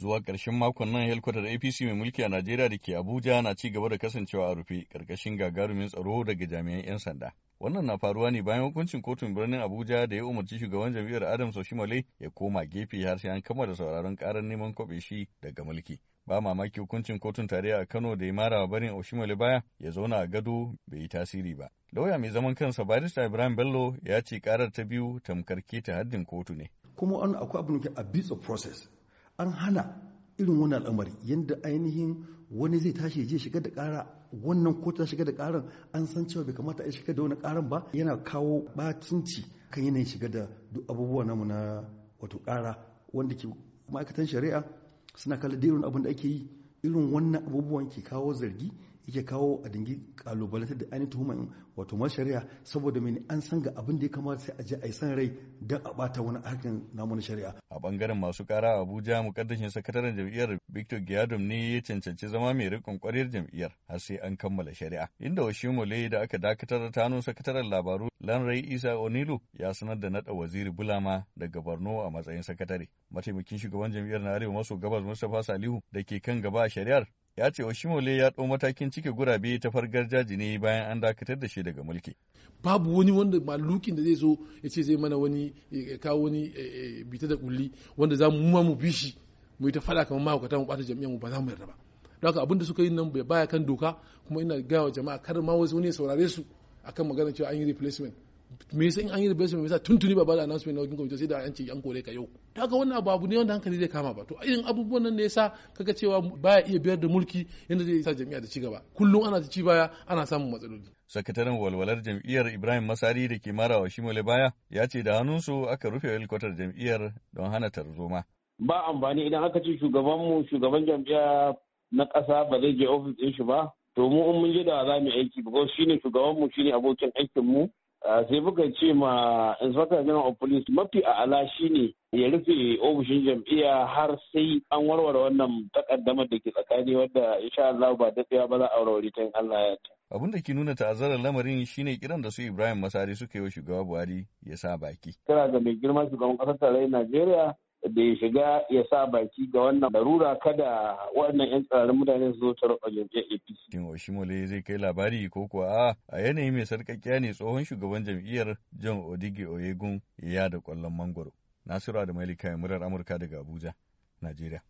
Zuwa ƙarshen makon nan helkwatar APC mai mulki a Najeriya da ke Abuja na ci gaba da kasancewa a rufe ƙarƙashin gagarumin tsaro daga jami'an 'yan sanda. Wannan na faruwa ne bayan hukuncin kotun birnin Abuja da ya umarci shugaban jam'iyyar Adam Soshimale ya koma gefe har sai an kammala sauraron ƙarar neman kwaɓe shi daga mulki. Ba mamaki hukuncin kotun tarayya a Kano da ya mara wa barin Oshimale baya ya zauna a gado bai yi tasiri ba. Lauya mai zaman kansa Barista Ibrahim Bello ya ce ƙarar ta biyu tamkar ta haddin kotu ne. Kuma an akwai abin a bits of process. an hana irin wani al'amari yadda ainihin wani zai tashi ya shiga da ƙara wannan ko ta shiga da ƙaran an san cewa bai kamata a shiga da wani ƙaran ba yana kawo batunci kan yanayin shiga da duk abubuwa namu na wato ƙara wanda ke ma'aikatan shari'a suna kallon irin abin da ake yi irin wannan abubuwan ke kawo zargi yake kawo a dangi kalubalantar da ainihin tuhumar wato ma shari'a saboda mai an san ga abin da ya kamata sai a je a yi san rai don a bata wani harkar namu na shari'a. A bangaren masu kara Abuja mukaddashin sakataren jam'iyyar Victor Giyadum ne ya cancanci zama mai rikon kwarar jam'iyyar har sai an kammala shari'a. Inda washi mole da aka dakatar da tanu sakataren labaru Lanrai Isa Onilu ya sanar da nada waziri Bulama daga Borno a matsayin sakatare. Mataimakin shugaban jam'iyyar na Arewa maso gabas Mustapha Salihu da ke kan gaba a shari'ar ya ce Oshimole ya ɗau matakin cike gurabe ta fargar jaji ne bayan an dakatar da shi daga mulki. Babu wani wanda malukin da zai zo ya ce zai mana wani kawo wani eh, eh, bita da kulli wanda za mu ma mu bi shi mu yi ta faɗa kamar mahaukata mu bata jami'an mu ba za mu yarda ba. Don haka abin da suka yi nan bai baya kan doka kuma ina gaya wa jama'a kar ma wasu wani ya saurare su akan magana cewa an yi replacement. me yasa an yi replacement me yasa tuntuni ba ba da announcement na wajen kwamitin sai da an ce an kore ka yau ta ga wannan abu abu ne wanda hankali zai kama ba to irin abubuwan nan ne yasa kaga cewa baya iya biyar da mulki yadda zai sa jami'a da cigaba gaba kullum ana ci baya ana samun matsaloli sakataren walwalar jam'iyyar Ibrahim Masari da ke mara marawa Shimole baya ya ce da hannunsu aka rufe helikwatar jam'iyyar don hana tarzoma ba amfani idan aka ce shugabanmu shugaban jam'iyya na ƙasa ba zai je ofis ɗin shi ba to mu in mun je da za mu aiki ba shine shi ne abokin aikin mu sai muka ce ma inspector general of police mafi a'ala shine ya rufe ofishin jam'iyya har sai an warware wannan takaddamar da ke tsakani wadda insha Allah ba daɗewa ba za a warware ta in Allah ya ta. Abin da ke nuna ta'azzarar lamarin shine kiran da su Ibrahim Masari suka yi wa shugaba Buhari ya sa baki. Kira ga mai girma shugaban ƙasar tarayyar Najeriya da ya shiga ya sa baki ga wannan larura kada wannan 'yan tsarin mutane su zo ta rufa jam'iyyar APC. Kin Oshimole zai kai labari ko kuwa a yanayi mai sarƙaƙiya ne tsohon shugaban jam'iyyar John Odige Oyegun ya da ƙwallon mangoro. Nasiru Adamaili kayan murar Amurka daga Abuja, Najeriya.